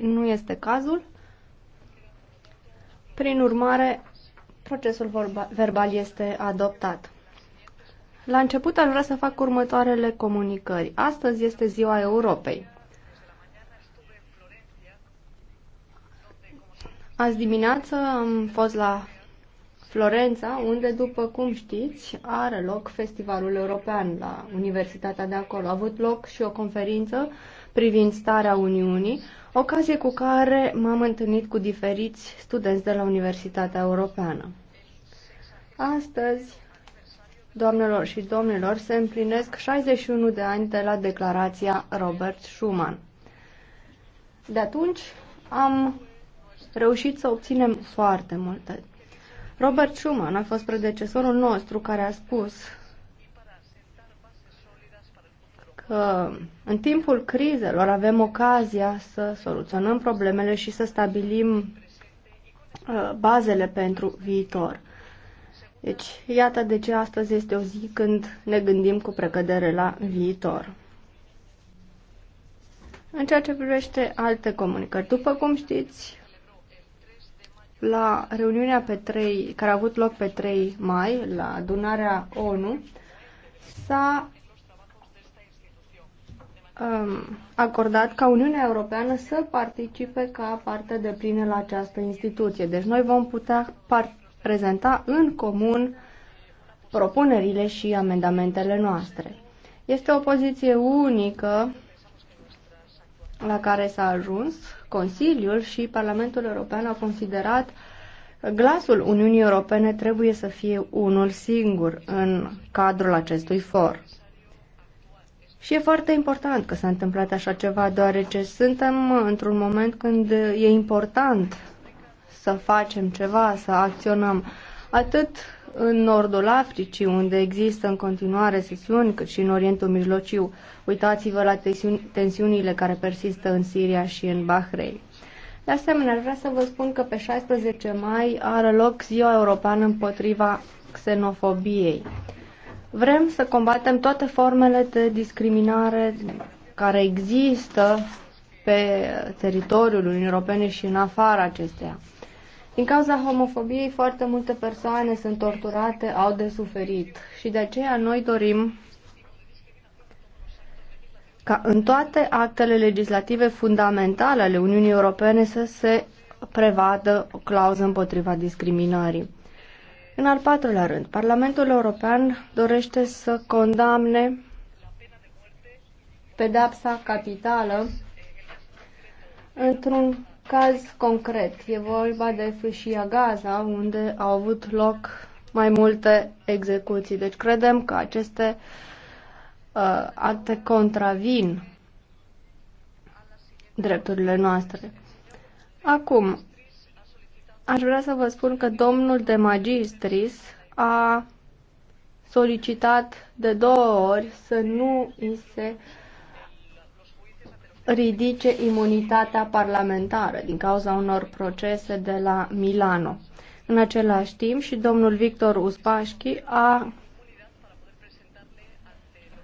nu este cazul. Prin urmare, procesul verbal este adoptat. La început aș vrea să fac următoarele comunicări. Astăzi este ziua Europei. Azi dimineață am fost la Florența, unde, după cum știți, are loc Festivalul European la Universitatea de acolo. A avut loc și o conferință privind starea Uniunii, ocazie cu care m-am întâlnit cu diferiți studenți de la Universitatea Europeană. Astăzi, doamnelor și domnilor, se împlinesc 61 de ani de la declarația Robert Schuman. De atunci am reușit să obținem foarte multe. Robert Schuman a fost predecesorul nostru care a spus că în timpul crizelor avem ocazia să soluționăm problemele și să stabilim uh, bazele pentru viitor. Deci, iată de ce astăzi este o zi când ne gândim cu precădere la viitor. În ceea ce privește alte comunicări, după cum știți, la reuniunea pe 3, care a avut loc pe 3 mai, la adunarea ONU, s-a um, acordat ca Uniunea Europeană să participe ca parte de plină la această instituție. Deci noi vom putea prezenta în comun propunerile și amendamentele noastre. Este o poziție unică la care s-a ajuns, Consiliul și Parlamentul European au considerat glasul Uniunii Europene trebuie să fie unul singur în cadrul acestui for. Și e foarte important că s-a întâmplat așa ceva, deoarece suntem într-un moment când e important să facem ceva, să acționăm atât în nordul Africii, unde există în continuare sesiuni, cât și în Orientul Mijlociu. Uitați-vă la tensiunile care persistă în Siria și în Bahrein. De asemenea, vreau să vă spun că pe 16 mai are loc Ziua Europeană împotriva xenofobiei. Vrem să combatem toate formele de discriminare care există pe teritoriul Uniunii Europene și în afara acesteia. Din cauza homofobiei, foarte multe persoane sunt torturate, au de suferit și de aceea noi dorim ca în toate actele legislative fundamentale ale Uniunii Europene să se prevadă o clauză împotriva discriminării. În al patrulea rând, Parlamentul European dorește să condamne pedapsa capitală într-un caz concret. E vorba de fâșia Gaza, unde au avut loc mai multe execuții. Deci credem că aceste uh, acte contravin drepturile noastre. Acum, aș vrea să vă spun că domnul de magistris a solicitat de două ori să nu îi se ridice imunitatea parlamentară din cauza unor procese de la Milano. În același timp și domnul Victor Uspașchi a